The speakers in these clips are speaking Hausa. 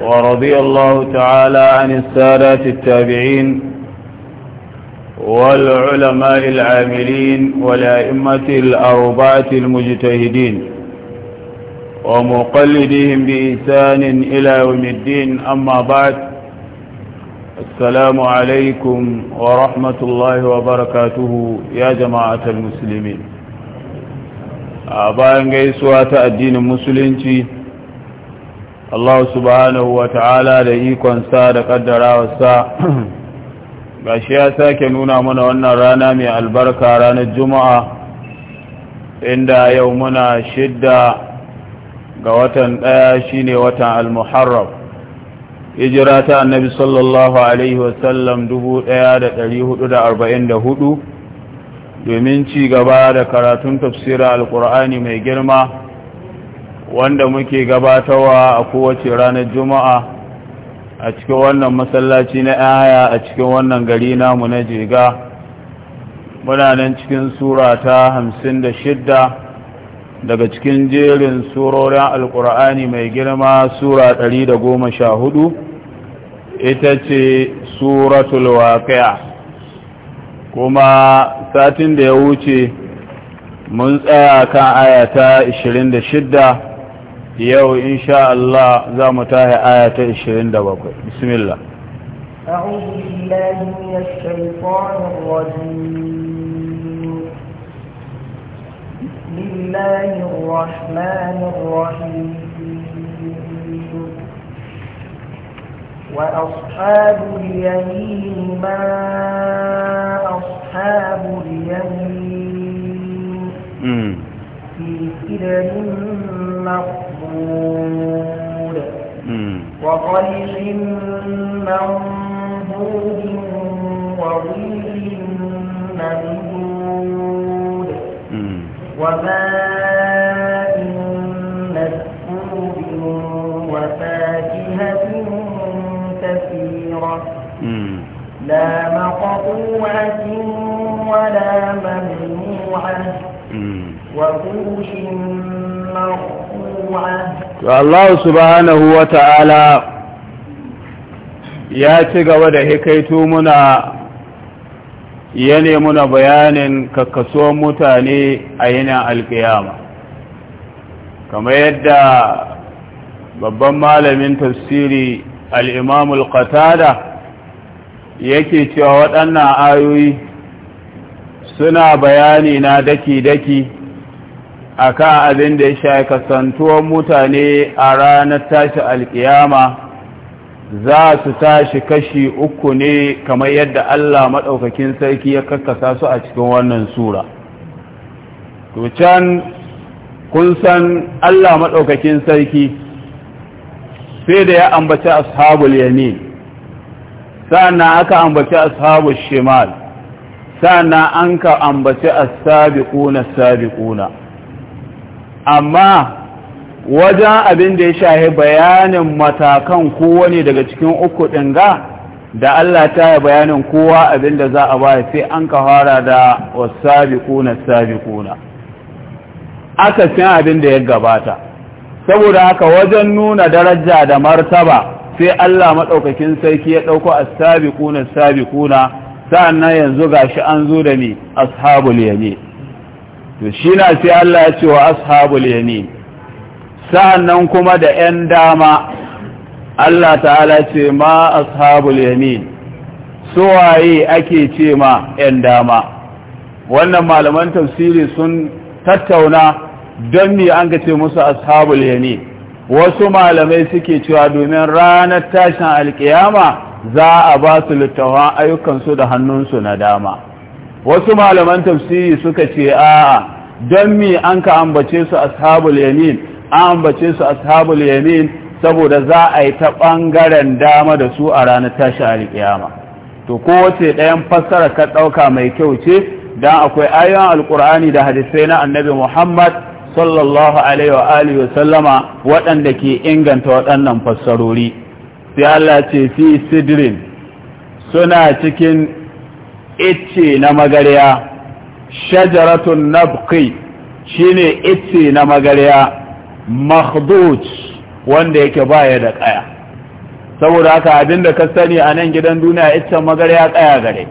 ورضي الله تعالى عن السادات التابعين والعلماء العاملين والأئمة الأربعة المجتهدين ومقلدهم بإنسان إلى يوم الدين أما بعد السلام عليكم ورحمة الله وبركاته يا جماعة المسلمين أبا أنجيسوا الدين المسلمين Allah subhanahu wa ta'ala da ikonsa da ƙaddarawasa. ga shi ya sake nuna mana wannan rana mai albarka ranar juma'a inda yau muna shidda ga watan ɗaya shine watan al-muharram hijira ta annabi sallallahu alaihi wasallam 1444 domin ci gaba da karatun tafsirar Alƙur'ani mai girma wanda muke gabatawa a kowace ranar juma'a a cikin wannan masallaci na aya a cikin wannan gari namu na jega muna nan cikin sura ta hamsin da daga cikin jerin surorin alkur'ani mai girma sura 114 sha hudu ita ce suratul waqi'a kuma satin da ya wuce mun tsaya kan ayata 26 yau insha Allah za mu tahi aya ta بسم الله أعوذ بالله من الشيطان الرجيم بسم الله الرحمن الرحيم وأصحاب اليمين ما أصحاب اليمين في سدر مقصود مشهود وطلح منضود وظل ممدود وماء مسكوب وفاكهة كثيرة لا مقطوعة ولا ممنوعة وفوش مرفوعة to Allah subhanahu wa ta'ala ya ci gaba da hikaitu muna yane muna bayanin kakkasuwan mutane a yanayin alƙiyama kamar yadda babban malamin tafsiri al'imamul qatada yake cewa waɗannan ayoyi suna bayani na daki-daki a abin da ya sha kasantuwar mutane a ranar tashi alkiyama za su tashi kashi uku ne kamar yadda Allah maɗaukakin sarki ya kakkasa su a cikin wannan sura to can kun san Allah maɗaukakin sarki sai da ya ambaci ashabul yamin sannan aka ambaci ashabul shimal sana an ka ambaci as-sabiquna as-sabiquna amma wajen abin da ya shahi bayanin matakan kowa ne daga cikin uku ɗin ga da Allah ta yi bayanin kowa abin da za a ba sai an ka fara da sabi kuna aka san abin da ya gabata saboda haka wajen nuna daraja da martaba sai Allah maɗaukakin sarki ya dauko as-sabiquna sa'an sa'annan yanzu gashi an zo da ni ashabul yamin to shi na sai Allah ya ce wa ashabul yamin sa'annan kuma da 'yan dama Allah ta'ala ce ma ashabul yamin suwaye ake ce ma 'yan dama wannan malaman tafsiri sun tattauna don me an ga ce musu ashabul yamin wasu malamai suke cewa domin ranar tashin alkiyama za a ba su littafan ayyukansu da hannunsu na dama wasu malaman tafsiri suka ce a'a don mi an ka ambace su ashabul yamin an ambace su ashabul yamin saboda za a yi ta ɓangaren dama da su a ranar tashi alƙiyama to kowace ɗayan fassara ka ɗauka mai kyau ce don akwai ayoyin alkur'ani da hadisai na annabi muhammad sallallahu alaihi wa alihi wa sallama waɗanda ke inganta waɗannan fassarori sai Allah ce fi sidrin suna cikin itse na magarya shajaratun nabqi shine itse na magarya makhduj wanda yake baya da kaya saboda haka abinda ka sani a nan gidan duniya itse magarya kaya gare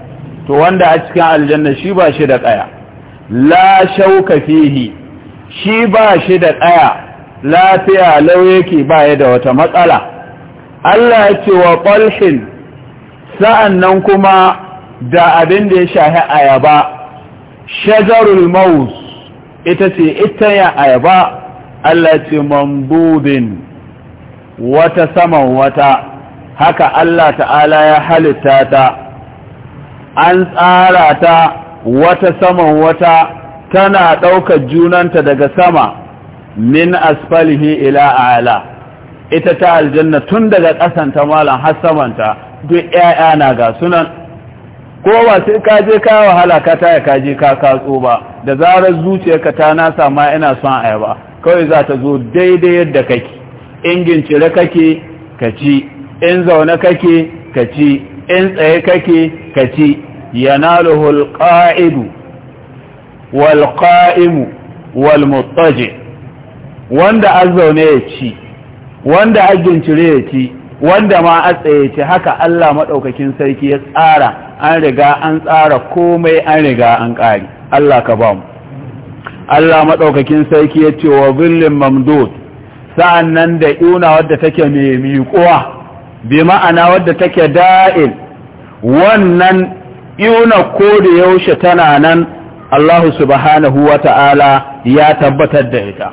to wanda a cikin aljanna shi ba shi da kaya la shauka fihi shi ba shi da kaya lafiya lau yake baya da wata matsala Allah ya ce wa ƙwalhin sa'an nan kuma da abin da ya shahi ayaba shajarul maus ita ce ita ya ayaba Allah ce mambubin wata saman wata haka Allah ta'ala ya halitta ta an tsara ta wata saman wata tana ɗaukar junanta daga sama min asfalihi ila ala ita ta aljanna tun daga ƙasanta malam har samanta duk 'ya'ya na ga sunan ko ba sai ka je ka wahala ka taya ka je ka katso ba da zarar zuciyarka ta nasa ma ina son ayaba kawai za ta zo daidai yadda kake in gincire kake ka ci in zaune kake ka ci in tsaye kake ka ci yanaluhu alqa'idu wal qa'imu wal muttaji wanda azzaune ya ci wanda agincire ya ci wanda ma a tsaye ce haka Allah maɗaukakin sarki ya tsara an riga an tsara komai an riga an ƙari Allah ka ba mu Allah maɗaukakin sarki ya ce wa zillin mamdod sa'an nan da ƙuna wadda take mai miƙuwa bi ma'ana wadda take da'il wannan ƙuna ko da yaushe tana nan Allah subhanahu wa ta'ala ya tabbatar da ita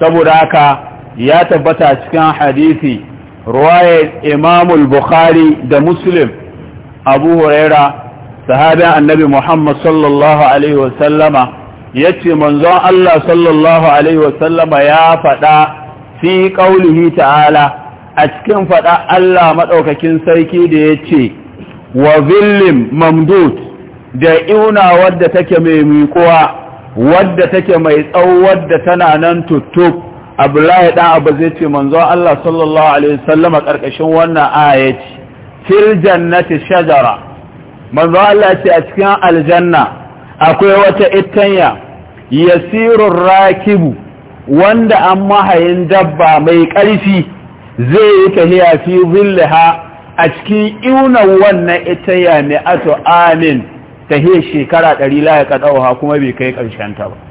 saboda haka ya tabbata cikin hadisi ruwayar imamul bukhari da muslim abu huraira sahabin annabi muhammad sallallahu alaihi wasallama ya ce manzon allah sallallahu alaihi wasallama ya faɗa fi ƙaunihi ta'ala a cikin faɗa allah maɗaukakin sarki da ya ce wa mamdud da iuna wadda take mai miƙuwa wadda take mai tsawo wadda tana nan tuttuk abdullahi ɗan abu zai ce manzo Allah sallallahu alaihi wasallam a karkashin wannan aya ce fil jannati shajara manzo Allah ce a cikin aljanna akwai wata ittanya yasirur rakibu wanda an mahayin dabba mai ƙarfi zai yi tahiya fi zillaha a cikin iunan wannan ittanya mai ato amin tahiyar shekara ɗari la ya kuma bai kai ƙarshen ta ba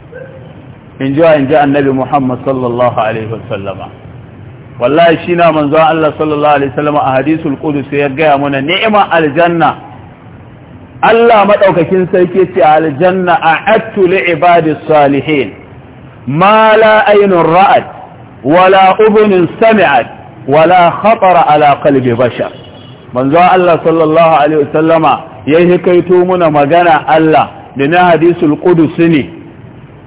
in ji in ji annabi Muhammad sallallahu alaihi wasallama wallahi shi na manzo Allah sallallahu alaihi wasallama a hadisul qudus ya gaya mana ni'ima aljanna Allah madaukakin sarki ce aljanna a'attu li ibadis salihin ma la aynun ra'ad wala ubnin sami'ad wala khatara ala qalbi bashar manzo Allah sallallahu alaihi wasallama yayi kaito muna magana Allah da na hadisul qudus ne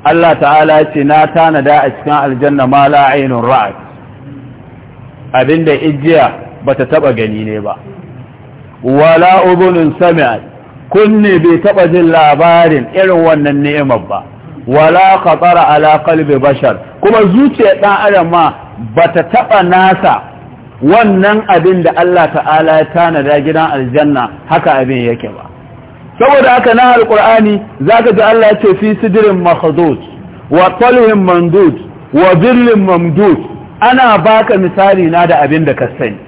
Allah ta'ala ce na tanada a cikin aljanna ma la ainun ra'at abinda ijiya bata taba gani ne ba wala ubunun sami'at kunne bai taba jin labarin irin wannan ni'imar ba wala khatara ala qalbi bashar kuma zuciyar dan adam ma bata taba nasa wannan abinda Allah ta'ala ya tanada gidan aljanna haka abin yake ba saboda haka na alqur'ani zaka ji Allah ce fi sidrin makhdud wa talhin mandud wa dhillin mamdud ana baka misali na da abin da ka sani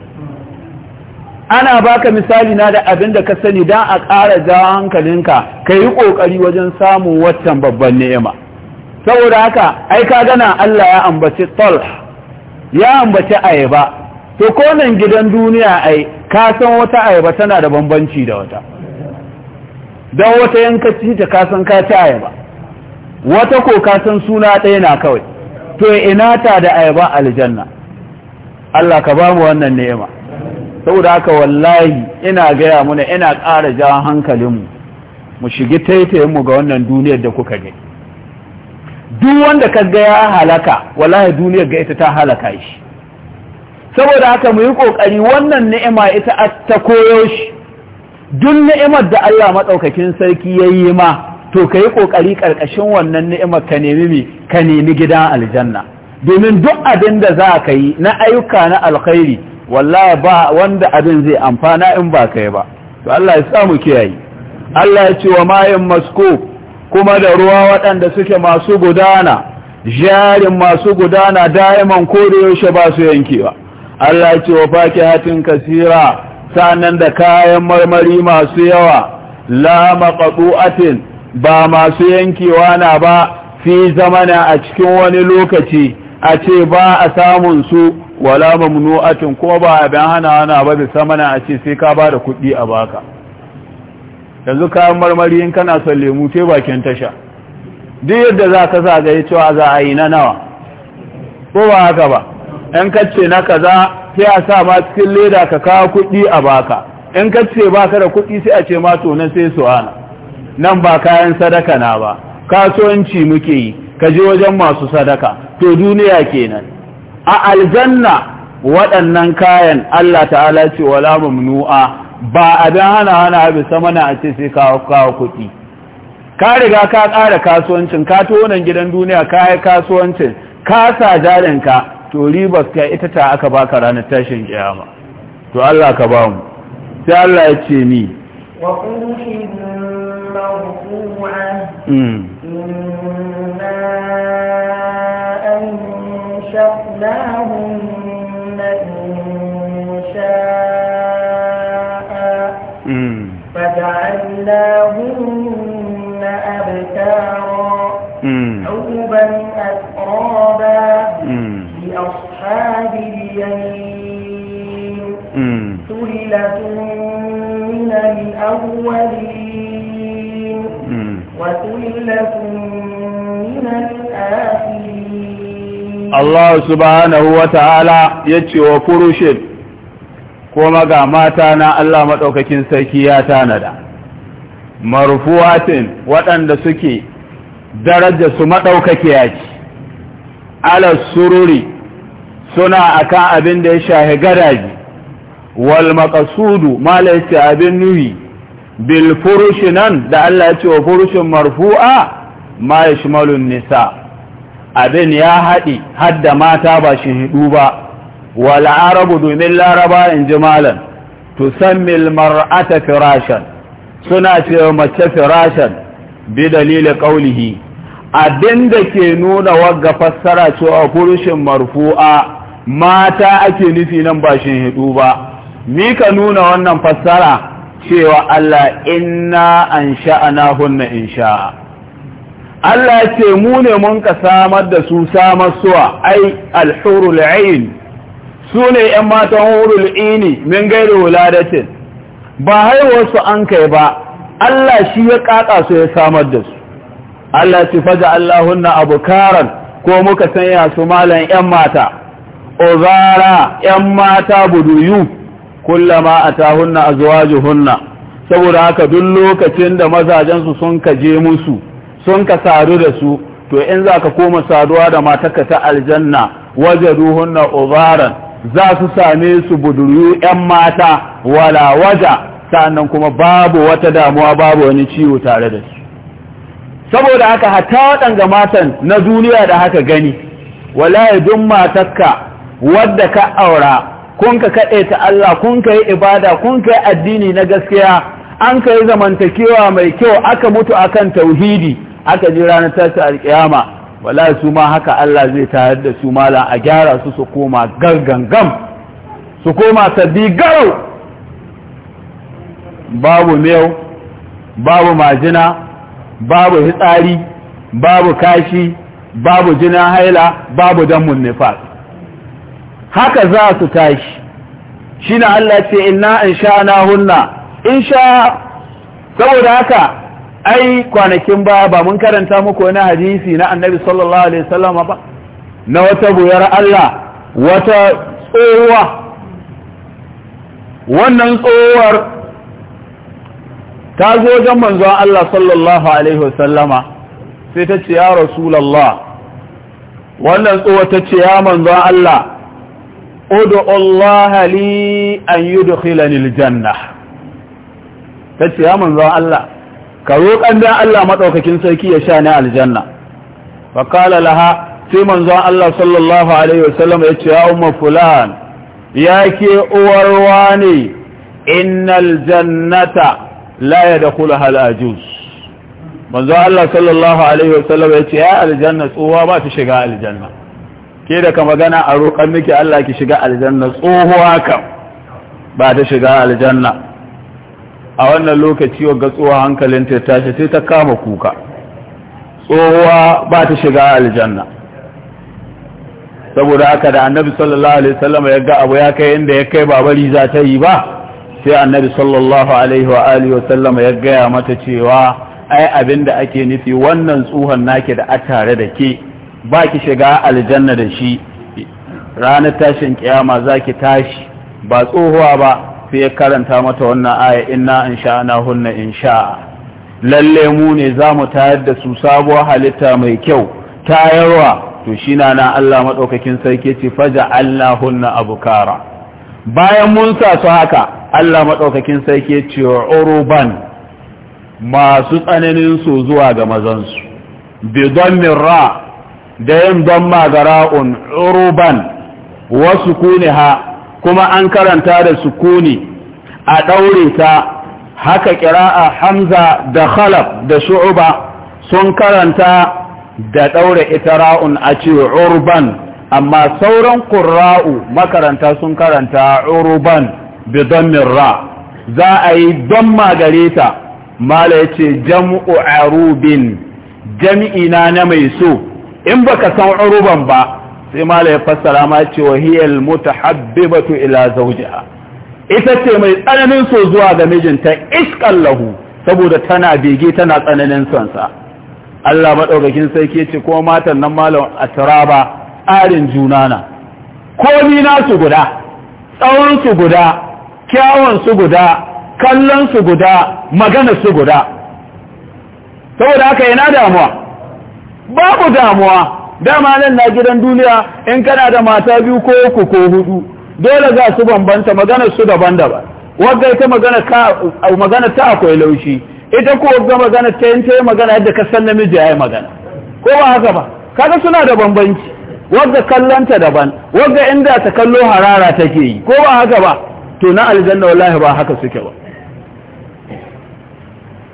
ana baka misali na da abin da ka sani dan a ƙara ga hankalinka ka yi ƙoƙari wajen samun waccan babban ni'ima saboda haka ai ka gana Allah ya ambaci talh ya ambaci ayaba to ko nan gidan duniya ai ka san wata ayaba tana da bambanci da wata don wata yankaci ta kasan ka ci ayaba wata ko kasan suna ɗaya na kawai to ina ta da ayaba aljanna Allah ka ba mu wannan ne'ima saboda haka wallahi ina gaya muna ina ƙara ja hankalinmu mu shigi mu ga wannan duniyar da kuka ga duk wanda ka ga ya halaka wallahi duniyar ga ita ta halaka shi saboda haka mu yi kokari wannan ni'ima ita ta koyo shi duk ni'imar da Allah maɗaukakin sarki ya yi ma to ka yi ƙoƙari ƙarƙashin wannan ni'imar ka nemi mi ka nemi gidan aljanna domin duk abin da za ka yi na ayyuka na alkhairi wallahi ba wanda abin zai amfana in ba ka yi ba to Allah ya samu kiyaye Allah ya ce wa mayin masko kuma da ruwa waɗanda suke masu gudana jarin masu gudana daiman ko da yaushe ba su yankewa Allah ya ce wa fakihatin kasira sanan da kayan marmari masu yawa la maqtu'atin ba masu yankewa na ba fi zamana a cikin wani lokaci a ce ba a samun su wala mamnu'atin ko ba abin hana wani ba da samana a ce sai ka ba da kuɗi a baka yanzu kayan marmari in kana son lemu sai bakin tasha duk yadda za ka sa ga cewa za a yi na nawa ko ba haka ba in ka ce na kaza sai a sa ma cikin leda ka kawo kuɗi a baka in ka ce baka da kuɗi sai a ce ma to nan sai su ana nan ba kayan sadaka na ba kasuwanci muke yi ka je wajen masu sadaka to duniya kenan a aljanna waɗannan kayan Allah ta'ala ce wala mamnu'a ba abin hana hana abin samana a ce sai kawo kawo kuɗi ka riga ka ƙara kasuwancin ka tonan gidan duniya ka yi kasuwancin ka sa ka. to ribar ka ita ta aka baka ranar tashin kiyama to Allah ka ba mu sai Allah ya ce ni wa qulhin marfu'a inna mm. ansha'nahunna insha'a فجعلناهن mm. Wasu abin ɗiɗi yai Wa Su ya ce wa furushin, kuma ga mata na Allah maɗaukakin sarki ya tanada. Marufu watin waɗanda suke daraja su maɗaukakiya ce. sururi. suna akan abin da ya shahi gadaji wal maqasudu ma yace abin nuhi bil furushi nan da Allah ya ce wa furushin marfu'a ma yashmalun nisa abin ya haɗi hadda mata ba shi hidu ba wal arabu domin laraba in jimalan tusammi al mar'ata firashan suna ce mace firashan bi dalilin qawlihi abin da ke nuna wagga fassara cewa furushin marfu'a mata ake nufi nan ba shin hidu ba ni ka nuna wannan fassara cewa Allah inna an sha'ana hunna in sha'a Allah ce mu ne mun ka samar da su samar suwa ai alhurul ayn su ne ‘yan matan hurul ini min gairi wuladatin ba haihuwarsu an kai ba Allah shi ya kaka su ya samar da su Allah ce faja Allahunna abu karan ko muka sanya su malan ‘yan mata uzara yan mata buduyu kullama atahunna azwajuhunna saboda haka duk lokacin da mazajensu sun ka je musu sun ka sadu da su to in za ka koma saduwa da matarka ta aljanna wajaduhunna uzaran za su same su buduyu yan mata wala waja sannan kuma babu wata damuwa babu wani ciwo tare da su saboda haka hatta waɗanga matan na duniya da haka gani wallahi duk matarka wadda ka aura kun ka kaɗe ta Allah kun ka yi ibada kun ka yi addini na gaskiya an ka yi zamantakewa mai kyau aka mutu akan tauhidi aka ji ranar tashi alƙiyama wala su ma haka Allah zai tayar da su malam a gyara su su koma gangangam su koma sabbi garau babu miyau babu majina babu hitsari babu kashi babu jinin haila babu damun nifas haka za su tashi shi na Allah ce inna in sha na hunna in sha saboda haka ai kwanakin ba ba mun karanta muku wani hadisi na annabi sallallahu alaihi wasallam ba na wata buyar Allah wata tsohuwa wannan tsohuwar ta zo wajen manzon Allah sallallahu alaihi wasallama sai ta ce ya rasulullah wannan tsohuwa ta ce ya manzon Allah udu Allah li an yudkhilani aljanna tace ya manzo Allah ka roƙan da Allah maɗaukakin sarki ya sha ni aljanna Ba kala laha sai manzo Allah sallallahu alaihi wasallam ya ce ya umma fulan yake uwar wani innal jannata la yadkhulaha al-ajuz manzo Allah sallallahu alaihi wasallam ya ce ya aljanna tsuwa ba ta shiga aljanna ke da ka magana a roƙon miki Allah ki shiga aljanna tsohuwa kan ba ta shiga aljanna a wannan lokaci wa gatsuwa hankalin ta tashi sai ta kama kuka tsohuwa ba ta shiga aljanna saboda haka da annabi sallallahu alaihi wasallam ya ga abu ya kai inda ya kai babari za ta yi ba sai annabi sallallahu alaihi wa alihi wasallam ya gaya mata cewa ai abinda ake nufi wannan tsohon nake da a tare da ke ba ki shiga aljanna da shi ranar tashin kiyama za ki tashi ba tsohuwa ba sai ya karanta mata wannan aya inna in sha'ana hunna in sha lalle mu ne za mu tayar da su sabuwar halitta mai kyau tayarwa to shi na na Allah maɗaukakin sarki ce faja Allah hunna kara bayan mun sa su haka Allah maɗaukakin sarki ce uruban masu tsananin su zuwa ga mazansu bidon ra da yin don magara'un uruban wasu kuni ha kuma an karanta da sukuni a ɗaure ta haka a hamza da khalaf da shu'uba sun karanta da ɗaure ita ra'un a ce urban amma sauran ƙura'u makaranta sun karanta urban bidonmin ra za a yi don magare ta mala ya ce jam'u arubin jam'ina na mai so in baka san uruban ba sai mala ya fassara ma ce wa hiyal mutahabbibatu ila zawjiha ita ce mai tsananin so zuwa ga mijinta iskan lahu saboda tana bege tana tsananin son sa Allah madaukakin sarki ya ce ko matan nan malam atraba arin juna na komi nasu guda tsawon su guda kyawon su guda kallon su guda magana su guda saboda haka yana damuwa babu damuwa dama nan na gidan duniya in kana da mata biyu ko uku ko hudu dole za su bambanta maganar su daban-daban wadda ita magana ka magana ta akwai laushi ita ko wadda magana ta yin ta magana yadda ka san namiji ya yi magana ko ba haka ba kaga suna da bambanci wadda kallanta daban wadda inda ta kallo harara take yi ko ba haka ba to na aljanna wallahi ba haka suke ba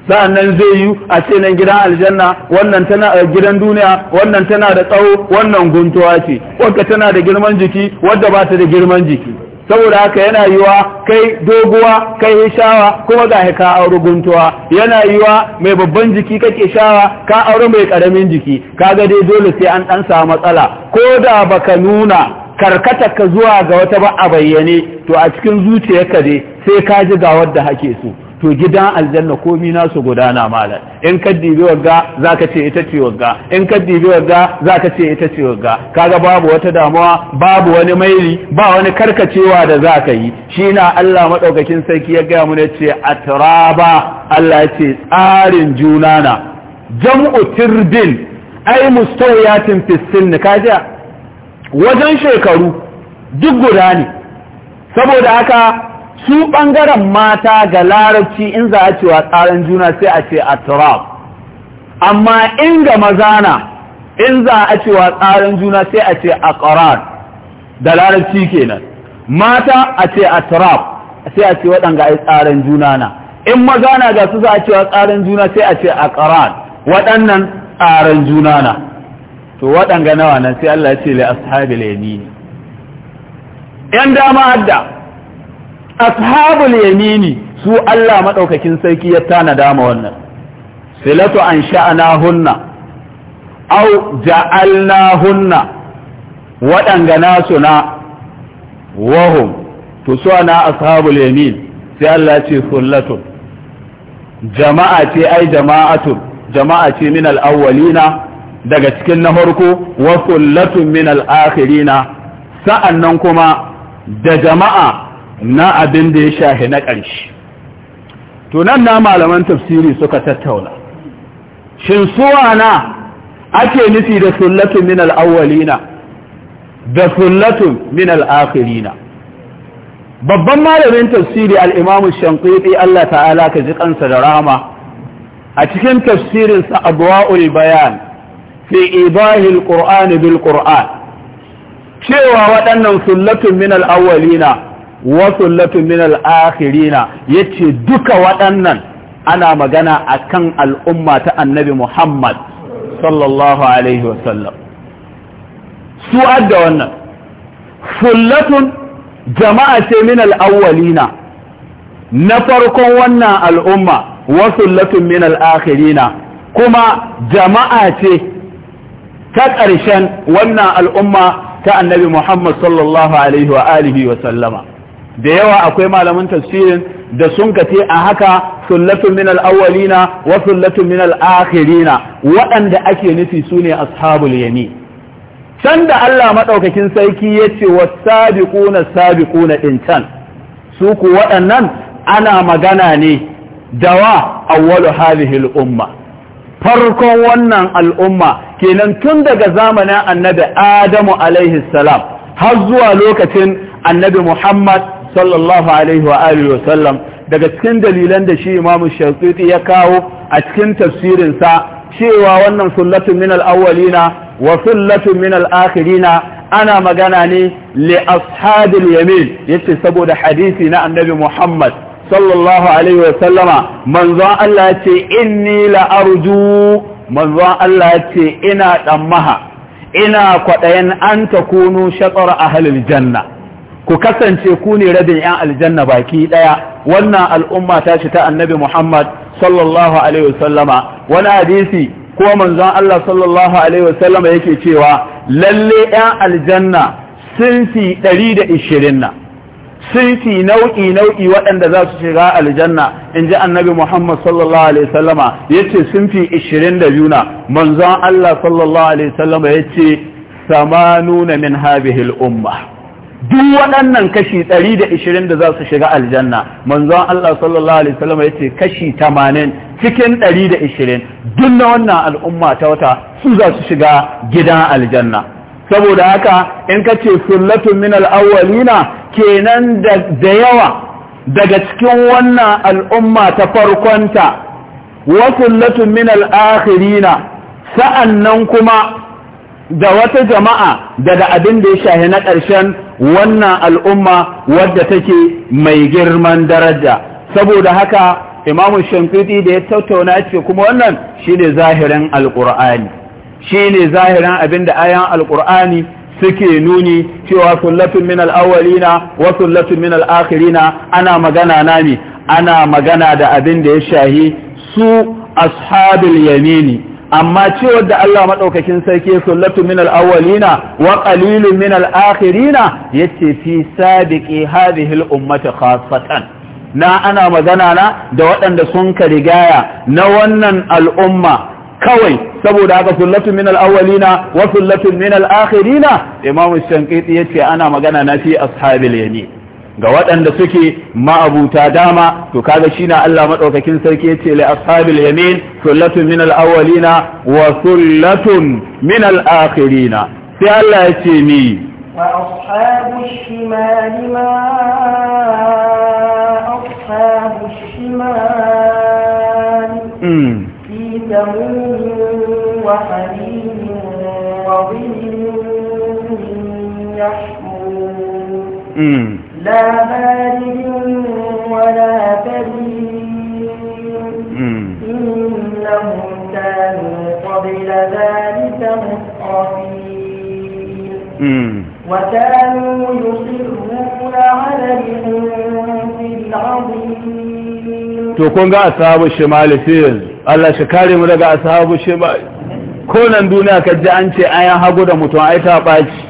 nan zai yi a ce nan gidan aljanna wannan tana a eh, gidan duniya wannan tana da tsawo wannan guntuwa ce wadda tana da girman jiki wadda ba ta da girman jiki saboda haka yana yiwa kai doguwa kai shawa kuma ga ka auri guntuwa yana yiwa mai babban jiki kake shawa ka auri mai karamin jiki Ka ga dai dole sai an dan samu matsala ko da baka nuna karkata ka zuwa ga wata ba a bayyane to a cikin zuciyarka dai sai ka ji ga wadda hake so to gidan aljanna komi nasu gudana malam in ka dibi wagga ka ce ita ce wagga in ka dibi wagga ka ce ita ce wagga kaga babu wata damuwa babu wani maili ba wani karkacewa da za ka yi shi na Allah madaukakin sarki ya gaya mu ce atraba Allah ya ce tsarin juna na jam'u tirdin ai mustawiyatin fi sinn kaja wajen shekaru duk guda ne saboda haka su ɓangaren mata ga larabci in za a cewa tsarin juna sai a ce a turab amma in ga mazana in za a cewa tsarin juna sai a ce a ƙarar da larabci kenan mata a ce a turab sai a ce waɗanga yi tsarin juna na in mazana ga su za a cewa tsarin juna sai a ce a ƙarar waɗannan tsarin juna na to waɗanga nawa nan sai Allah ya ce li ashabil yamin yan dama adda ashabul yamini su Allah madaukakin sarki ya tanada ma wannan filatu an au ja'alna hunna waɗanga nasu na wahum to su ana ashabul yamin sai Allah ce sullatun jama'a ce ai jama'atun jama'a ce min al'awwalina awwalina daga cikin na farko wa sullatun min al'akhirina sa'annan kuma da jama'a na abin da ya shahi na ƙarshe to nan na malaman tafsiri suka tattauna shin suwa na ake nufi da sullatun min al'awwalina da sullatun min al'akhirina babban malamin tafsiri al'imamu shankwiti Allah ta'ala ka ji kansa da rama a cikin tafsirinsa abuwa'ul bayan fi ibahil ƙur'ani bil ƙur'an cewa waɗannan sullatun min al'awwalina wasu min al-akhirina yace duka waɗannan ana magana akan al'umma ta annabi Muhammad sallallahu alaihi wasallam su adda wannan sullatun jama'a ce min al-awwalina na farkon wannan al'umma wasu latun min al-akhirina kuma jama'a ce ta ƙarshen wannan al'umma ta annabi Muhammad sallallahu alaihi wa alihi wa sallama da yawa akwai malaman tafsirin da sun kace a haka sullatun min al-awwalina wa sullatun min al-akhirina waɗanda ake nufi sune ashabul yami. can da Allah madaukakin sarki ya yace was-sabiquna sabiquna din can su ku waɗannan ana magana ne dawa awwalu hadhihi al-umma farkon wannan al'umma kenan tun daga zamanin annabi Adamu alaihi salam har zuwa lokacin annabi Muhammad sallallahu alaihi wa alihi wa sallam daga cikin dalilan da shi Imam Shafi'i ya kawo a cikin tafsirin sa cewa wannan sullatun min al-awwalina wa sullatun min al-akhirina ana magana ne li ashabil yamin yace saboda hadisi na annabi Muhammad sallallahu alaihi wa sallama manzon Allah ce inni la arju manzon Allah ce ina dan maha ina kwaɗayen an takunu shatar ahlul janna ku kasance ku ne rabin 'yan aljanna baki ɗaya wannan al'umma ta ce ta annabi Muhammad sallallahu alaihi wasallama wani hadisi ko manzon Allah sallallahu alaihi wasallama yake cewa lalle 'yan aljanna sun sinfi 120 na Sun fi nau'i nau'i waɗanda za su shiga aljanna in ji annabi Muhammad sallallahu alaihi wasallama yace sinfi 22 na manzon Allah sallallahu alaihi wasallama yace samanuna min hadhihi al-umma duk waɗannan kashi 120 da za su shiga aljanna manzon Allah sallallahu alaihi wasallam ya ce kashi 80 cikin 120 duk na wannan al'umma ta wata su za su shiga gidan aljanna saboda haka in ka ce sullatun min al'awwalina kenan da yawa daga cikin wannan al'umma ta farkonta wa sullatun min al'akhirina sa'annan kuma da wata jama'a daga abin da ya shahi na ƙarshen wannan al'umma wadda take mai girman daraja saboda haka imamu shankiti da ya tattauna ce kuma wannan shine zahirin alƙur'ani shine zahirin abin da ayan alƙur'ani suke nuni cewa sullatun min al'awwalina wa sullatun min al'akhirina ana magana nami ana magana da abin da ya shahi su ashabul yamini amma cewar da Allah maɗaukakin sarki sullatu min al-awwalina wa qalilun min al-akhirina ce fi sadiƙi hadhihi al-ummati na ana magana na da waɗanda sun ka rigaya na wannan al'umma kawai saboda haka sullatu min al wa sullatu min al-akhirina imam ya yace ana magana na fi ashabil yamin ga waɗanda suke ma'abuta dama to kaga shi na Allah maɗaukakin sarki yace li ashabil yamin sullatun min al-awwalina wa sullatun min al-akhirina sai Allah yace ni wa ashabul shimal ma ashabul shimal hmm. fi damun wa halim wa لا بارد ولا كريم إنهم كانوا قبل to kun ga ashabu shimal fil Allah shi kare mu daga ashabu shimal ko nan duniya ka an ce an hagu da mutum ai ta baci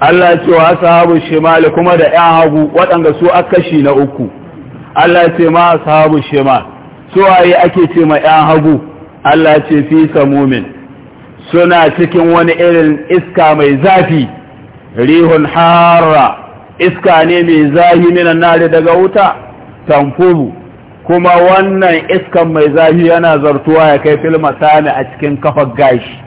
Allah ce wa ashabu shimal kuma da ƴan hagu waɗanda su akashi na uku Allah ce ma ashabu shimal su waye ake ce ma ƴan hagu Allah ce fi samumin suna cikin wani irin iska mai zafi rihun harra iska ne mai zafi minan nari daga wuta Tamfubu. kuma wannan iskan mai zafi yana zartuwa ya kai filma sami a cikin kafar gashi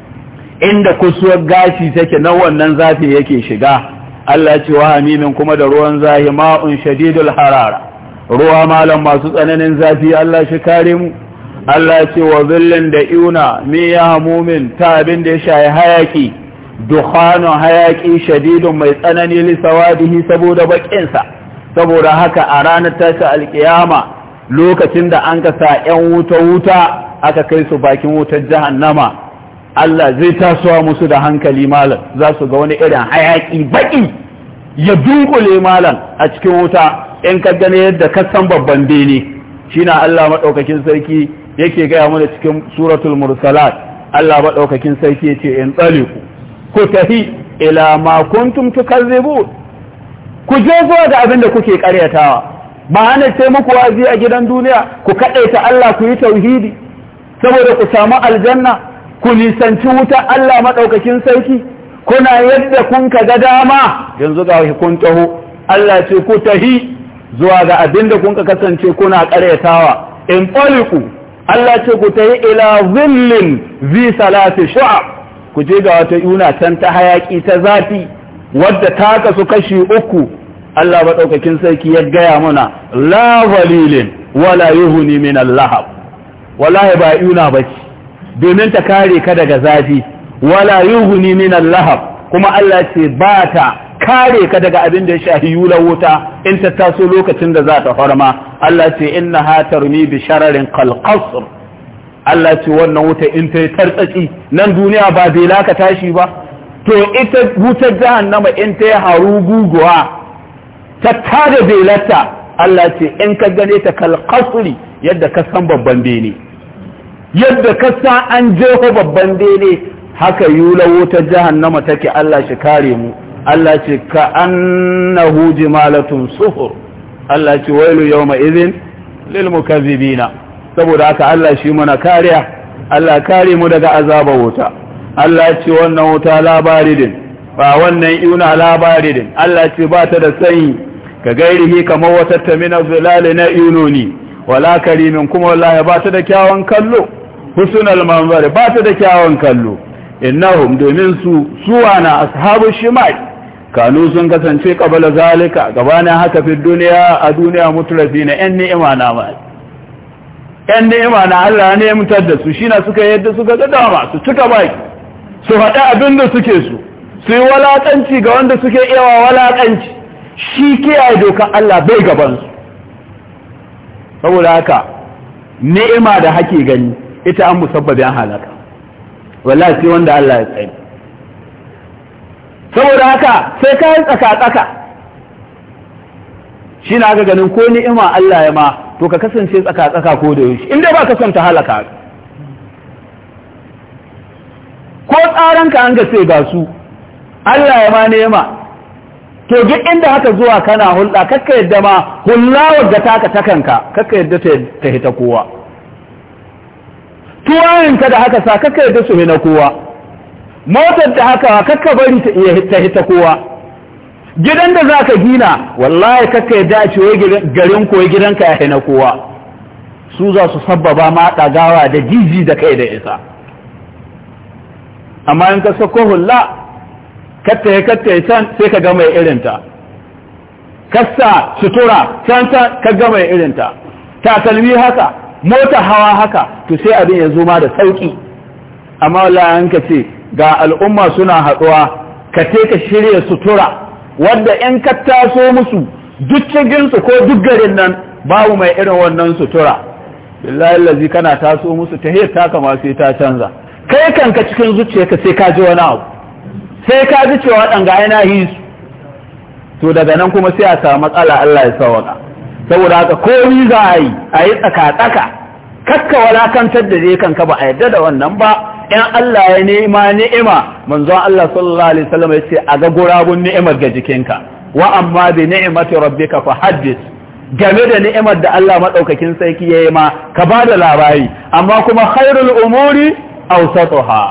inda kusuwar gashi take na wannan zafi yake shiga Allah ce wa hamimin kuma da ruwan zahi ma'un shadidul harara ruwa malam masu tsananin zafi Allah shi kare mu Allah ce wa zillin da iuna mi ya hamumin ta abin da ya shayi hayaki dukhanun hayaki shadidun mai tsanani lisawadihi saboda bakinsa saboda haka a ranar tashi alkiyama lokacin da an ka sa 'yan wuta-wuta aka kai su bakin wutar jahannama Allah zai tasowa musu da hankali malam za su ga wani irin hayaki baki ya dunkule malam a cikin wuta in ka gane yadda ka san babban bene shine Allah madaukakin sarki yake gaya mana cikin suratul mursalat Allah madaukakin sarki yace in tsaliku ku tahi ila ma kuntum tukazzibun ku je zuwa ga abin da kuke karyatawa ba hana sai muku wazi a gidan duniya ku kadaita Allah ku yi tauhidi saboda ku samu aljanna ku nisanci wuta Allah maɗaukakin sarki kuna yadda kun ka ga dama yanzu ga kun taho Allah ce ku tahi zuwa ga abin da kun ka kasance kuna ƙaryatawa in faliku Allah ce ku tahi ila zillin zi salati shu'ab ku je ga wata yuna can ta hayaki ta zafi wadda ta kasu kashi uku Allah maɗaukakin sarki ya gaya mana la walilin wala yuhuni min lahab wallahi ba yuna bace domin ta kare ka daga zafi wala yughni min al-lahab kuma Allah ce ba ta kare ka daga abin da ya shafi yula wuta in ta taso lokacin da za ta farma Allah ce inna ha tarmi bi shararin qalqasr Allah ce wannan wuta in ta tartsaki nan duniya ba bai laka tashi ba to ita wutar jahannama in ta haru guguwa ta tada belarta Allah ce in ka gane ta kalqasri yadda ka san babban bene yadda ka sa an jeho babban dele haka yula wutar jahannama take Allah shi kare mu Allah ce ka annahu jimalatun suhur Allah ce wailu yawma idhin lil mukazzibina saboda haka Allah shi mana kariya Allah kare mu daga azaba wuta Allah ce wannan wuta labari din ba wannan iuna labari din Allah ce ba ta da sanyi ka gairihi kamar wata tamina zulali na iunoni wala karimin kuma wallahi ba ta da kyawun kallo husnul manzar ba ta da kyawun kallo innahum domin su suwana ashabu shimal kanu sun kasance qabala zalika gabanin haka fi duniya a duniya mutrafina yan ni'ima na ma yan ni'ima na Allah ne mutar da su shine suka yadda suka ga dama su cika baki su faɗi abin da suke su su yi walakanci ga wanda suke iya walakanci shi ke kiyaye dokan Allah bai gaban su saboda haka ni'ima da hake gani ita an musabbabin halaka wallahi sai wanda Allah ya tsaye saboda haka sai ka yi tsaka-tsaka shi na ga ganin ko ni'ima Allah ya ma to ka kasance tsaka-tsaka ko da yaushe inda ba ka son ta halaka ko ka an ga sai ga su Allah ya ma ma, to duk inda haka zuwa kana hulɗa kakka yadda ma hullawar da taka ta kanka kakka yadda ta hita kowa tuwayenka da haka sa kakka yadda su na kowa motar da haka kakka bari ta iya hita hita kowa gidan da za ka gina wallahi kakka yadda a ciwo garin koyi gidanka ya na kowa su za su sabbaba ma ɗagawa da jiji da kai da isa amma in ka sako hulla katta ya katta ya can sai ka gama irinta kasta sutura can can ka gama irinta takalmi haka mota hawa haka to sai abin ya zo ma da sauki amma wallahi ka ce ga al'umma suna haɗuwa ka te ka shirya sutura wanda in ka taso musu duk cikin su ko duk garin nan babu mai irin wannan sutura billahi allazi kana taso musu hiyar ta kama sai ta canza kai kanka cikin zuciyarka sai ka ji wani abu sai ka ji cewa ɗan ga yana hisu to daga nan kuma sai a samu matsala Allah ya sawaka saboda haka komi za a yi a yi tsaka-tsaka kakka walakantar da zai kanka ba a yadda da wannan ba in Allah ya nema ni'ima manzon Allah sallallahu alaihi wasallam ya ce a ga gurabun ni'imar ga jikinka wa amma bi ni'imati rabbika fa haddith game da ni'imar da Allah madaukakin sarki ya yi ma ka ba da labari amma kuma khairul umuri awsatuha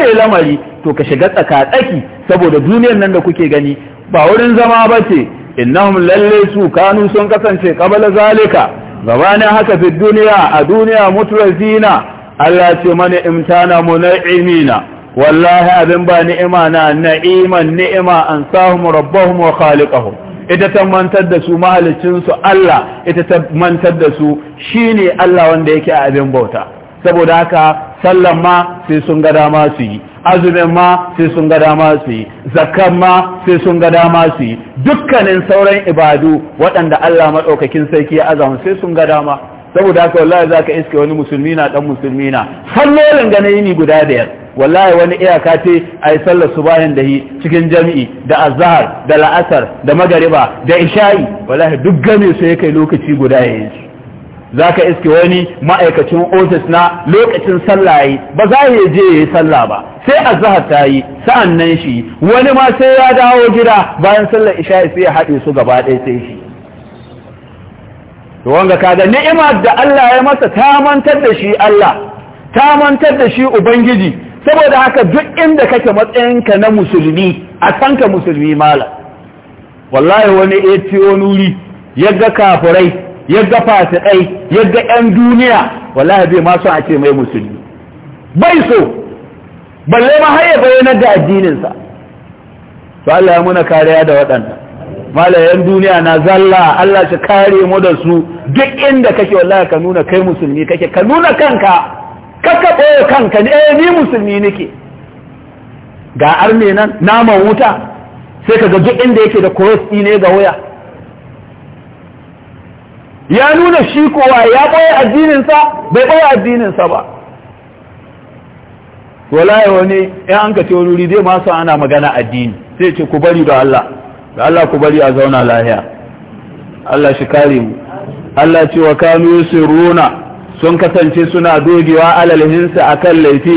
ne lamari to ka shiga tsaka-tsaki saboda duniyar nan da kuke gani ba wurin zama ba ce innahum lalle su kanu sun kasance kabala zalika gabanin haka fi duniya a duniya zina, Allah ce mana imtana na'imina. wallahi abin ba ni'ima na na'iman ni'ima an sahum rabbahum wa khaliqahum ita ta mantar da su mahalicin su Allah ita ta mantar da su shine Allah wanda yake a abin bauta saboda haka sallan ma sai sun ga dama su yi azumin ma sai sun ga dama su yi zakkan ma sai sun ga dama su yi dukkanin sauran ibadu waɗanda Allah maɗaukakin sarki ya azamu sai sun ga dama saboda haka wallahi za ka iske wani musulmi na ɗan musulmi na sallolin ganin yini guda biyar wallahi wani iyaka ce a yi sallar su bayan da yi cikin jami'i da azhar da la'asar da magariba da isha'i wallahi duk game sai kai lokaci guda ya yi za ka iske wani ma'aikacin ofis na lokacin sallah yi ba za ya je ya yi sallah ba sai a zahar ta yi sa'an nan shi wani ma sai ya dawo gida bayan sallar isha sai ya haɗe su gaba ɗaya sai shi to wanga ni'ima da Allah ya masa ta mantar da shi Allah ta mantar da shi ubangiji saboda haka duk inda kake matsayinka na musulmi a sanka musulmi mala wallahi wani ya ce wani ya ga kafurai. ya ga fasikai ya ga yan duniya wallahi bai ma so a ce mai musulmi bai so balle ma har ya bayyana da addinin sa to Allah ya muna kariya da waɗanda malayan duniya na zalla Allah shi kare mu da su duk inda kake wallahi ka nuna kai musulmi kake ka nuna kanka ka ka boye kanka ne eh ni musulmi nake ga arme nan naman wuta sai ka ga duk inda yake da cross ne ga waya ya nuna shi kowa ya ɓoye addininsa bai ɓoye addininsa ba wallahi wani ya an ka ce wani zai masu ana magana addini sai ce ku bari da Allah da Allah ku bari a zauna lahiya Allah shi kare mu Allah ce wa kanu sirruna sun kasance suna dogewa a akan laifi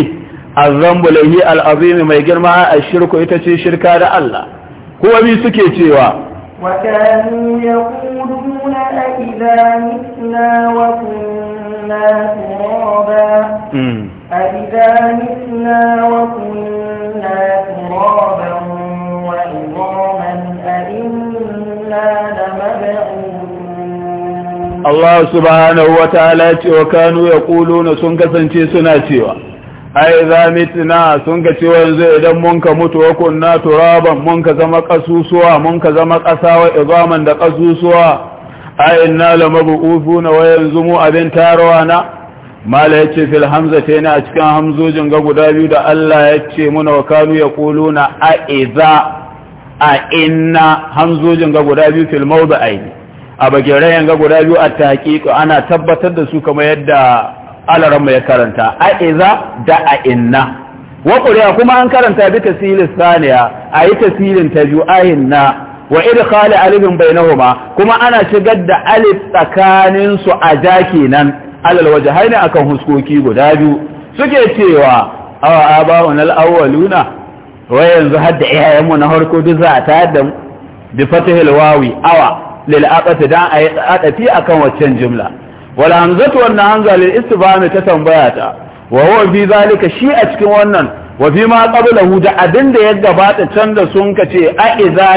azambu lahi al'azimi mai girma a shirku ita ce shirka da Allah kuma bi suke cewa وكانوا يقولون أئذا مثنا وكنا ترابا أئذا مثنا وكنا ترابا وعظاما أئنا لمبعوثون الله سبحانه وتعالى وكانوا يقولون سنكسن سنة سوى ai za mitina sun ga cewa yanzu idan mun ka mutu wa kunna turaban mun ka zama kasusuwa mun ka zama ƙasa wa izaman da kasusuwa ai inna la mab'ufuna wa yanzu mu abin tarawa na mala yace fil hamzati na a cikin hamzojin ga guda biyu da Allah yace muna wa kanu yaquluna a iza a inna hamzojin ga guda biyu fil mawda'ain a bagirayen ga guda biyu a taqiq ana tabbatar da su kamar yadda alaran ya karanta a iza da a inna wa ƙuri'a kuma an karanta bi tasirin saniya a yi tasirin ta biyu ayin na wa idkhali alifin bainahuma kuma ana shigar da alif tsakanin su a jaki nan alal ne akan huskoki guda biyu suke cewa awa aba'un al-awwaluna wa yanzu hadda iyayen mu na harko duk za a tayar da bi fatihil wawi awa lil aqati dan ayi adafi akan waccan jumla Wala hamzatu wannan hamza lil istifhami ta tambaya ta wa huwa fi zalika shi a cikin wannan wa fi ma qablahu da abin da ya gabata can da sun kace a idza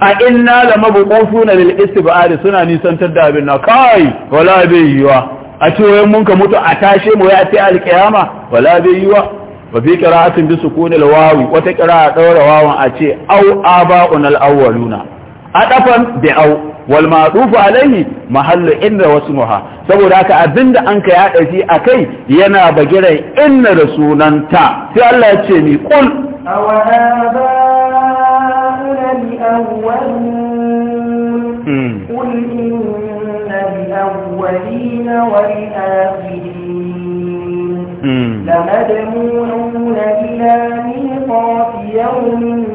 a inna la mabqufuna lil istibari suna nisantar da abin na kai wala bai yiwa a ce wai mun ka mutu a tashe mu ya ta alqiyama wala bai yiwa wa fi qira'atin bi sukuni wawi wata qira'a daura wawan a ce au aba'un al awwaluna dafan, bi au wal ma'tufu alaihi mahallu wasu wasmuha saboda haka abinda an ka ya a kai, yana bagirai inna da sunanta sai Allah ya ce ni qul قل إلى ميقات يوم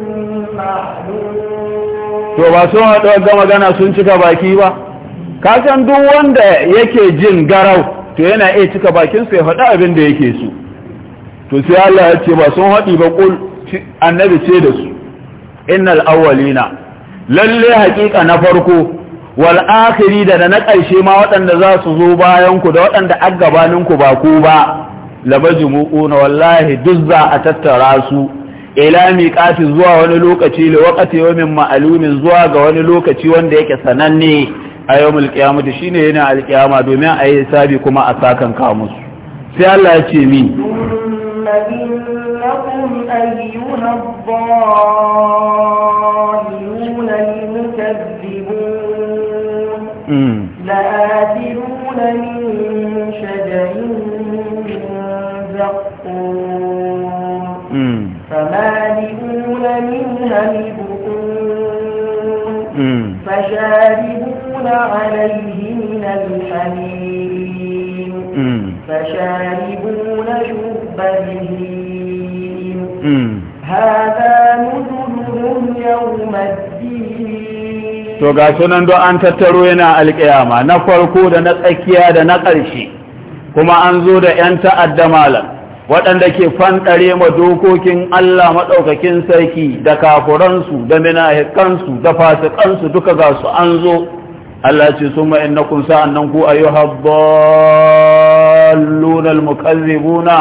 معلوم to ba sun haɗu ga magana sun cika baki ba ka san duk wanda yake jin garau to yana iya cika bakin ya faɗa abin da yake so to sai Allah ya ce ba sun haɗi ba kul annabi ce da su innal awwalina lalle haƙiƙa na farko wal akhiri da na ƙarshe ma waɗanda za su zo bayan ku da waɗanda ga ku ba ku ba labajimu'una wallahi duk za a tattara su ila miqati zuwa wani lokaci li waqati yawmin ma'lumin zuwa ga wani lokaci wanda yake sananne a yawmul qiyamati shine yana alqiyama domin a yi sabi kuma a sakan ka musu sai Allah ya ce min لآكلون من شجر عليه من الحميم فشاربون شرب الهيم هذا نزلهم يوم الدين to ga sunan don an tattaro yana alƙiyama na farko da na tsakiya da na ƙarshe kuma an zo da 'yan ta'adda malam waɗanda ke fanɗare ma dokokin Allah maɗaukakin sarki da kafuransu da minahikansu da fasikansu duka ga su an zo Allah ce sun ma'inakun sa'an nan ku a yi habballunar mukazzibuna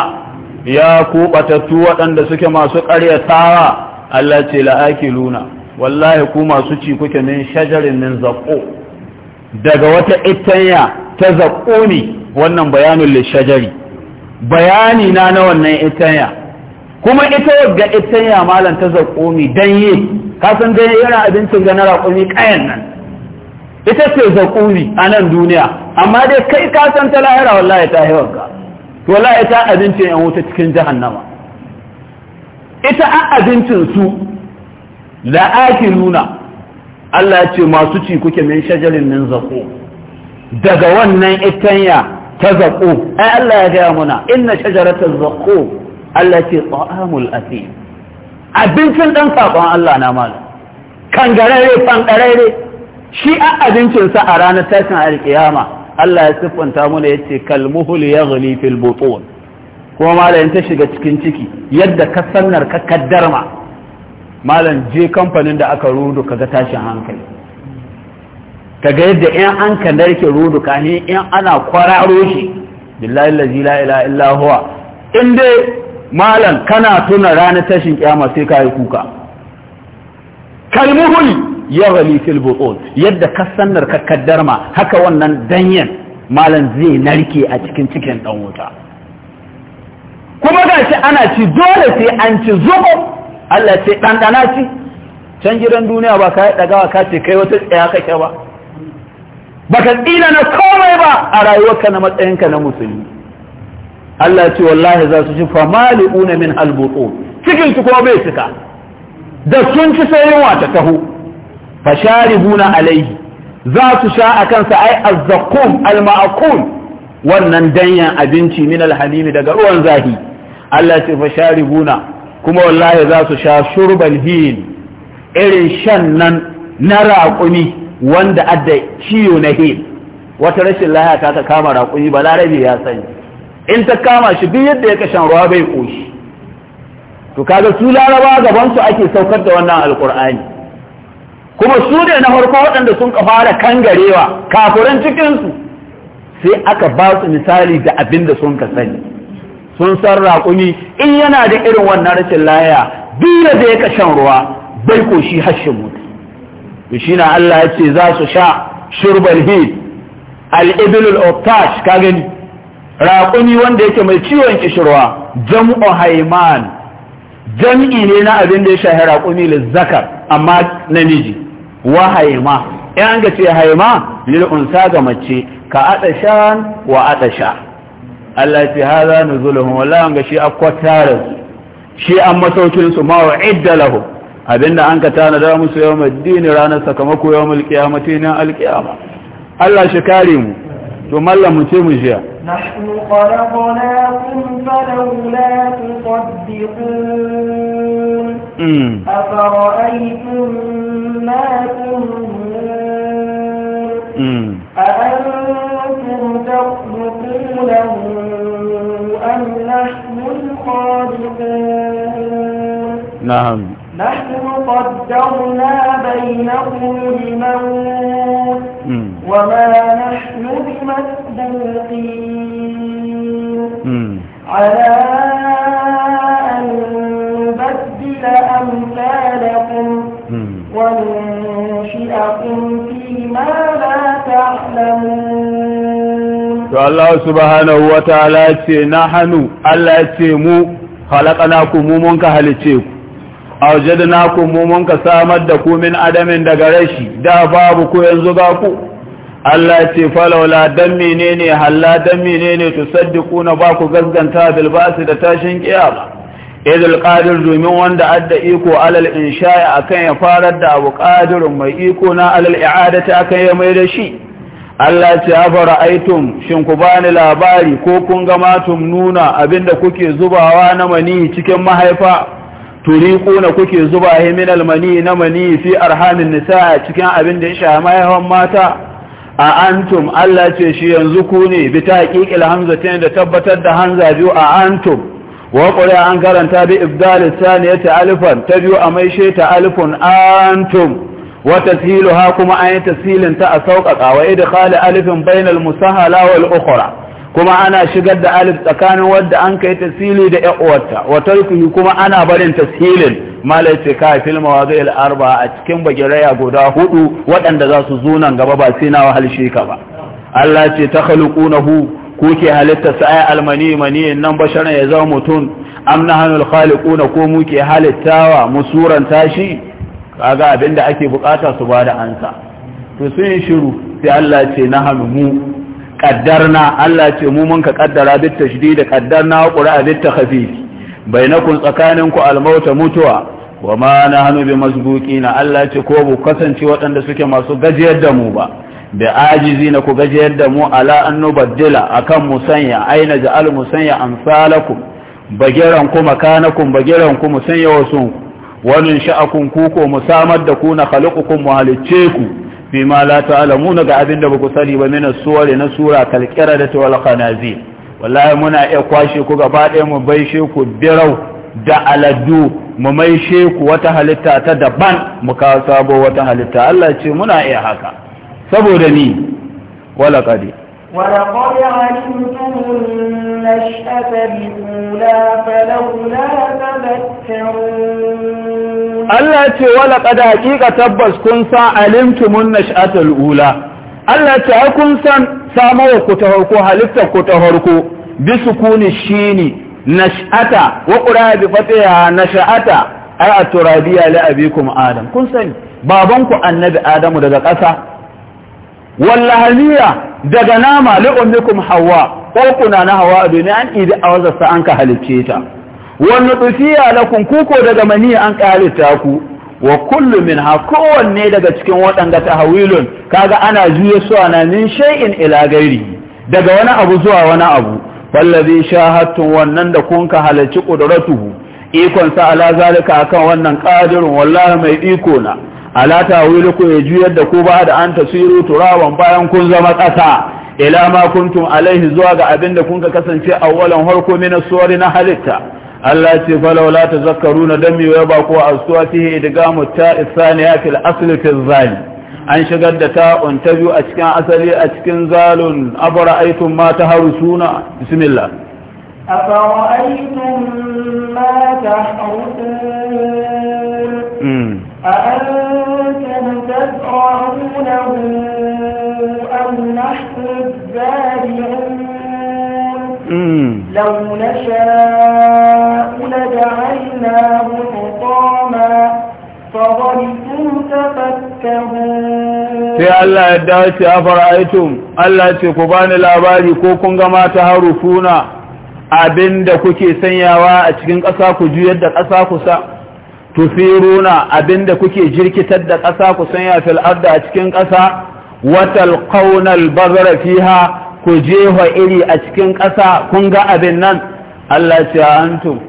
ya ku batattu waɗanda suke masu ƙaryatawa Allah ce luna. wallahi ku masu ci kuke min shajarin min zaƙo daga wata itanya ta zaƙo ne wannan bayanin lishajari bayani na na wannan itanya kuma ita ga itanya malam ta zaƙo ne danye kasan danye yana abincin ga na raƙumi ƙayan nan ita ce zaƙuri a nan duniya amma dai kai ka san ta lahira wallahi ta hewanka to wallahi ta abinci yan wuta cikin jahannama ita an abincin su nuna Allah ya ce masu ci kuke min shajarin min zaƙo daga wannan itanya ta zaƙo ai Allah ya gaya muna inna shajaratal zaƙo Allah ce ta'amul asim abincin dan saƙon Allah na malam kangarare fankarare shi a abincinsa a ranar tashin alkiyama Allah ya siffanta mana yace kalmuhul yaghli fil butun kuma malam ta shiga cikin ciki yadda ka sannar ka kaddarma malam je kamfanin da aka rudu kaga tashin hankali kaga yadda in an ka narke rudu ka ne in ana kwararo shi billahi allazi la ilaha illa huwa in dai malam kana tuna ranar tashin kiyama sai ka yi kuka kalmuhul yaghli fil butun yadda kasannar kakkadar ma haka wannan danyen malam zai narke a cikin cikin dan wuta kuma gashi ana ci dole sai an ci zubo Allah sai ɗanɗana ci can gidan duniya ba ka yi ɗagawa ka ce kai wata tsaya kake ba baka ka tsina na komai ba a rayuwarka na matsayinka na musulmi Allah ce wallahi za su ci famali'una min halbutu cikin su kuma bai cika da sun ci sai yunwa ta taho fasharibuna alaihi za su sha a kansa ai azzakum alma'akul wannan danyen abinci min alhamimi daga ruwan zahi Allah ce fasharibuna kuma wallahi za su sha shurban hin irin shan nan na raƙumi wanda adda ciwo na hin wata rashin lahiya ta ta kama raƙumi ba ya sani in ta kama shi duk yadda ya kashan ruwa bai koshi to kaga su laraba gaban su ake saukar da wannan alkur'ani kuma su ne na farko waɗanda sun ka fara kangarewa kafuran cikinsu sai aka ba su misali da abin da sun ka sani sun san raƙumi in yana da irin wannan rashin laya dole da ya shan ruwa bai ko shi hashin mutu to shi na Allah yace ce za su sha shurbal hid al al oktash ka gani raƙumi wanda yake mai ciwon kishirwa jam'u haiman jam'i ne na abin da ya shahara raƙumi lizzakar amma namiji wa haima in an ga ce haima lil unsa ga mace ka adashan wa adasha Allah ya haza nuzuluhum wallahi an ga shi akwatara shi an masaukin su ma wa idda lahu abinda an ka tana da musu yawmal din ranar sakamako yawmal qiyamati nan alqiyama Allah shi kare mu to mallam mu ce mu jiya نحن خلقناكم فلولا تصدقون أفرأيتم ما تنهون أأنتم تخلقونه أم نحن الخالقون نعم نحن قدرنا بينكم الموت وما نحن بي A da amin ta samu. Da Allah suba hana wata ce na hannu, Allah ce mu kalaƙa nakun mumunka halicce ku. A waje da nakun mumunka samar da ku adamin daga rashi, da babu ku yanzu ba ku. Allah ce falaula dan menene halla dan menene tusaddiquna ba ku gaskanta bil ba'si da tashin kiyama idul qadir domin wanda adda iko alal insha'i akan ya farar da abu qadirun mai iko na alal i'adati akan ya mai da shi Allah ce afara aitum shin ku bani labari ko kun ga matum nuna abinda kuke zubawa na mani cikin mahaifa turiquna kuke zuba himinal mani na mani fi arhamin nisa cikin abinda ya shafi mahaifan mata a antum Allah ce shi yanzu ku ne bi ta haƙiƙil da tabbatar da hanza biyu a antum wa ƙuri'a an karanta bi ibdalis saniyati alifan ta biyu a maishe ta alifun antum wa ha kuma an yi tasilin ta a sauƙaƙa wa idkhal alifin bainal musahala wal ukhra kuma ana shigar da alif tsakanin wadda an kai tasili da uwarta wata rukuni kuma ana barin tashilin malai ce ka filma wa zai arba a cikin bagiraya guda hudu waɗanda za su zo nan gaba ba sai na halshe ka ba Allah ce ta khaluqunahu ku ke halitta sai almani mani nan basharan ya zama mutum am nahanul khaliquna ko mu ke halittawa mu suranta shi kaga abinda ake bukata su bada ansa to sun shiru sai Allah ce nahanu mu kaddarna Allah ce mu mun ka kaddara bit tashdid qaddarna wa qura'a bit takhfif bainakum tsakaninku al-mauta mutuwa wa ma nahnu bimasbuqina Allah ce ko bu kasance waɗanda suke masu gajiyar da mu ba da ajizi na ku gajiyar da mu ala an nubaddila akan musanya aina ja'al musanya amsalakum bagiran ku makanakum bagiran ku musanya wasu ku wannan sha'akun ku ko samar da ku na khaliqukum muhalicce ku fi ma la ta'lamuna ga abin da baku sani ba min suwari na sura kalqira da tawal khanazir wallahi muna iya kwashe ku gaba ɗaya mu baishe ku birau da aladu mu maishe ku wata halitta ta daban mu kawo sabo wata halitta Allah ce muna iya haka saboda ni wala ولقد علمتم النشأة الأولى فلولا تذكرون الله يتي ولقد حقيقة تبس كنسا علمتم النشأة الأولى Allah ya ce kun san samawa ku ta harko halittar ku ta harko bi sukuni shini nash'ata wa qura bi fatiha nash'ata ay kun sani annabi adamu daga ƙasa wallahaniya daga nama li'ummikum hawa ƙwarƙuna na hawa duniya an idi a wazarsa an ka halicce ta wani tsufiya na kuko daga mani an halitta ku wa kullum min ha kowanne daga cikin waɗanda ta hawilun kaga ana juya su ana nin shay'in ila gairi daga wani abu zuwa wani abu wallazi shahattun wannan da kun ka halarci ƙudurattuhu ikon sa ala zalika akan wannan qadirun wallahi mai iko na ala tawiluku ya juyar da ku ba da an tasiru turawan bayan kun zama ƙasa ila ma kuntum alaihi zuwa ga abin da kun ka kasance awwalan harko min suwari na halitta Allah ce falau la tazakkaruna dan mi ba ko asuwa fihi idgamu ta fil asli fil an shigar da ta'un ta biyu a cikin asali a cikin zalun abara aitum ma ta harusuna bismillah أفرأيتم ما تحرثون أأنتم تزرعونه أم نحن الزارعون لو نشاء لجعلناه حطاما فظلتم تفكهون sai Allah ya dace a fara'aitum Allah ce ku bani labari ko kun gama ta harufuna abinda kuke sanyawa a cikin ƙasa ku juyar da ƙasa ku sa tusiruna abinda kuke jirkitar da ƙasa ku sanya fil arda a cikin ƙasa watal qaunal bazara fiha ku jefa iri a cikin ƙasa kun ga abin nan Allah ce antum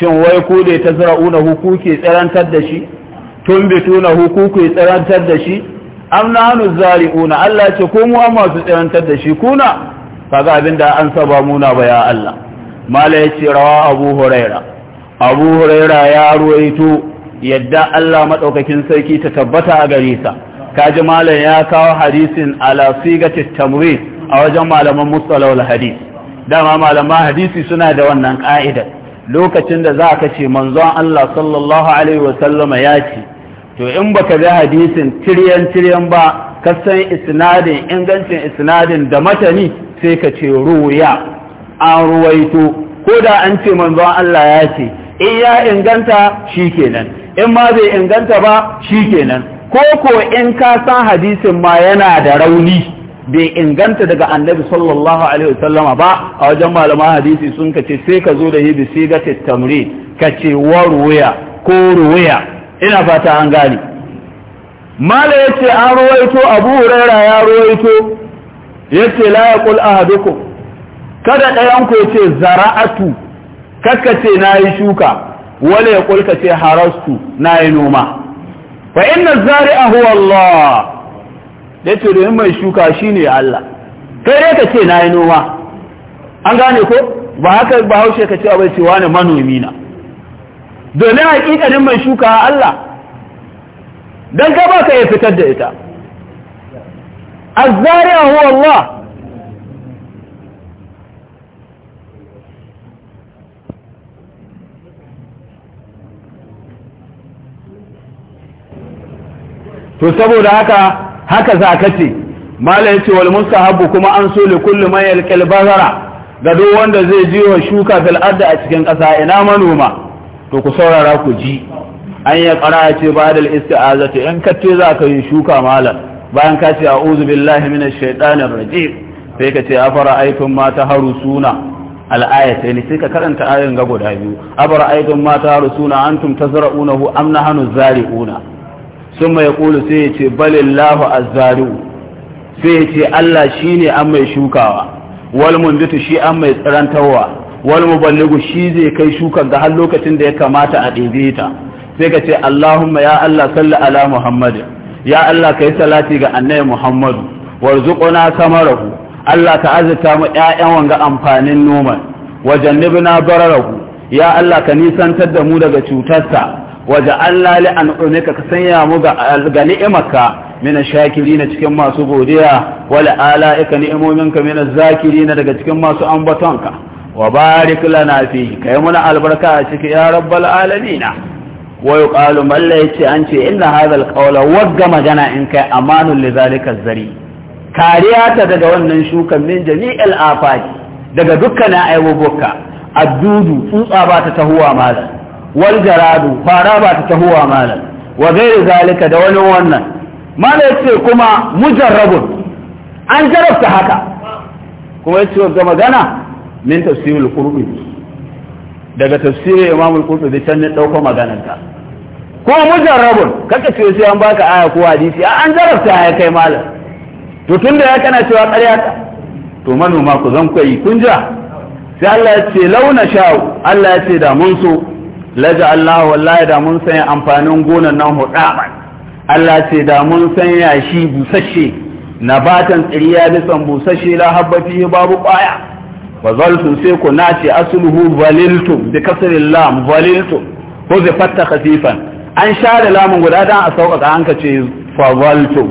shin wai ku da tazra'una hu kuke tsirantar da shi tumbituna hu kuke tsirantar da shi am nahnu zari'una Allah ce ku mu su tsirantar da shi kuna kaga abinda an saba muna ba ya Allah mala rawa Abu Huraira Abu Huraira ya ruwaito yadda Allah maɗaukakin sarki ta tabbata a gare sa kaji malam ya kawo hadisin ala sigati tamrid a wajen malaman mustalahul hadis dama malaman hadisi suna da wannan ka'idar lokacin da za ka ce manzon Allah sallallahu alaihi wasallama ya ce to in baka bi hadisin tiryan tiryan ba ka san isnadin ingancin isnadin da matani sai ka ce ruya an ruwaito ko da an ce manzon Allah ya ce in ya inganta shi kenan in ma bai inganta ba shi kenan ko ko in ka san hadisin ma yana da rauni bai inganta daga annabi sallallahu alaihi wasallam ba a wajen malaman hadisi sun ka ce sai ka zo da shi bi sigatit tamri ce wa ruwaya ko ruwaya ina fata an gane mala yace an ruwaito abu huraira ya ruwaito yace la yaqul ahadukum kada ɗayan ku yace zara'atu kakkace nayi shuka wala ya kulka ce harastu na yi noma fa inna zari'a huwa Allah da ce domin mai shuka shine Allah kai dai ka ce na yi noma an gane ko ba haka ba haushe ka ce abai ce wani manomi na domin hakikanin mai shuka Allah dan ka ba ka ya fitar da ita a huwa Allah to saboda haka haka za ka ce mala ya ce wal kuma an so li kulli man yalqil bazara ga duk wanda zai ji wa shuka fil a cikin ƙasa ina manoma to ku saurara ku ji an ya ƙara ce ba da isti'azati in katte za ka yi shuka malam bayan ka ce a'udhu billahi minash shaitanir rajim sai ka ce afara aitum ma suna. al'ayata ne sai ka karanta ayin ga guda biyu abara aikin mata rusuna antum tazra'unahu am nahnu zari'una sun mai sai ya ce balillahu azzaru sai ya ce Allah shi ne an mai shukawa wal mundutu shi an mai tsirantarwa wal balligu shi zai kai shukan ga har lokacin da ya kamata a ɗebe ta sai ka ce Allahumma ya Allah salli ala Muhammad ya Allah kai salati ga annabi Muhammad warzuqna samarahu Allah ka azata mu ƴaƴan wanga amfanin noman wajannibna bararahu ya Allah ka nisantar da mu daga cutarsa Waje allah li an'umika ka sanya mu ga ni'imaka min shakirin cikin masu godiya wal ala'ika ni'imominka min zakirin daga cikin masu ambatonka wa barik lana fi kai muna albarka a cikin ya rabbal alamin wa yuqalu man la an ce inna hadha al wagga magana in kai amanul li zalika zari kariya ta daga wannan shukan min jami'il afaki daga dukkanin aiwubuka addudu tsutsa ba ta tahuwa ma wal jaradu fara ba ta tahowa malam wa gairi zalika da wani wannan malam yace kuma mujarrabun an jarabta haka kuma yace ga magana min tafsirul qurbi daga tafsirin imam al-qurtubi can ne dauko maganar ta ko mujarrabun kaka ce sai an baka aya ko hadisi an jarabta ya kai malam to tunda ya kana cewa ƙarya ka, to manoma ku zan koyi kun jira sai Allah ya ce launa sha'u Allah ya ce da mun so laja'alnahu wallahi da mun sanya amfanin gonan nan hudaban Allah ce da mun sanya shi busasshe nabatan tsiriya bisan busashe la habba babu qaya wa zaltu sai ku nace asluhu valiltu bi kasri lam valiltu ko fatta khafifan an share lamun guda dan a sauƙaƙa an ka ce fazaltu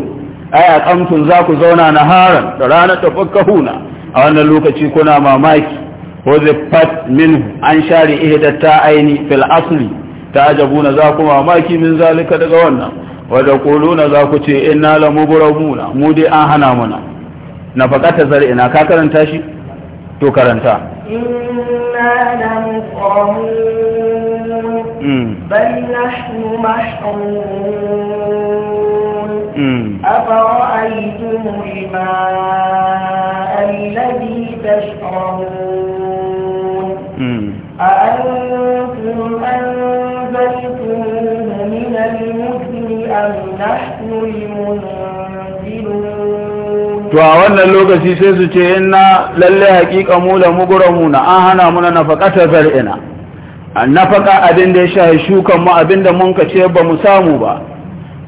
ay aqamtum za ku zauna haran da ranar tafakkahuna a wannan lokaci kuna mamaki joe pat min an share ya yaudar ta ainihin pel asiri ta ajabuna za kuwa mamaki min zalika daga wannan wadda koduna za ku ce in na lamuburamuna mu dai an hana mana na fakar ta ina ka karanta shi to karanta. ina shanko mu أفرأيتم الماء الذي أأنتم أنزلتموه من أم نحن to a wannan lokaci sai su ce in lalle lallai mu da muguranmu na an hana mu muna ta zar'ina nafaka abin da ya shahi shukan mu abin da mun kace ba mu samu ba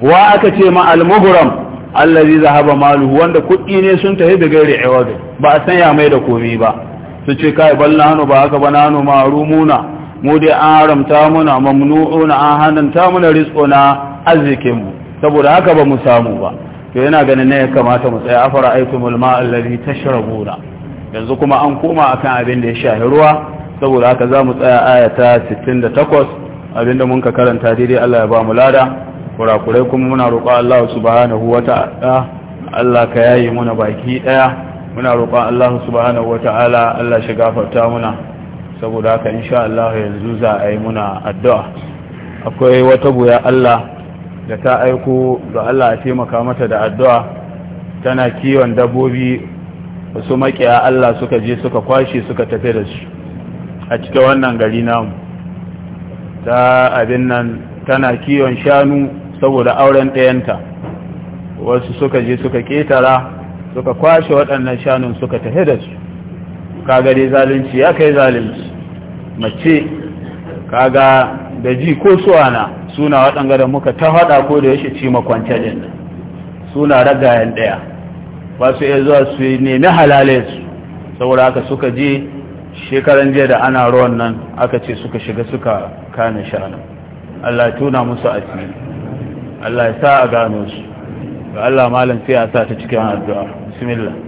wa aka ce ma al-mughram allazi zahaba maluhu wanda kudi ne sun tafi da gairi iwad ba a sanya mai da komai ba su ce kai balla hanu ba haka bana hanu marumuna mu dai an haramta muna mamnu'una an hananta muna rizqona arzikin mu saboda haka ba mu samu ba to yana ganin ne ya kamata mu tsaya afara aikumul ma allazi tashrabuna yanzu kuma an koma akan abin da ya shahi ruwa saboda haka za mu tsaya ayata 68 abinda mun ka karanta daidai Allah ya ba mu lada kurakurai kuma muna roƙon Allah subhanahu wata'ala Allah ka yayi muna baki daya muna roƙon Allah subhanahu wata'ala Allah shi gafarta muna saboda haka insha Allah yanzu za a yi muna addu'a akwai wata buya Allah da ta aiko ga Allah a taimaka mata da addu'a tana kiwon dabbobi wasu makiya Allah suka je suka kwashe suka tafi da su a cikin wannan gari namu ta abin nan tana kiwon shanu saboda auren ɗayanta wasu suka je suka ƙetara suka kwashe waɗannan shanun suka tafi da su ka gari zalunci ya kai zalunci mace kaga da ji ko suwana suna waɗanga da muka ta haɗa ko da yashe ci makwanta ɗin suna ragayen ɗaya ba su iya zuwa su nemi halalai su saboda haka suka je shekaran jiya da ana ruwan nan aka ce suka shiga suka kane shanu Allah tuna musu asiri Allah ya sa a gano shi ga Allah malam sai a sa ta cikin addu'a bismillah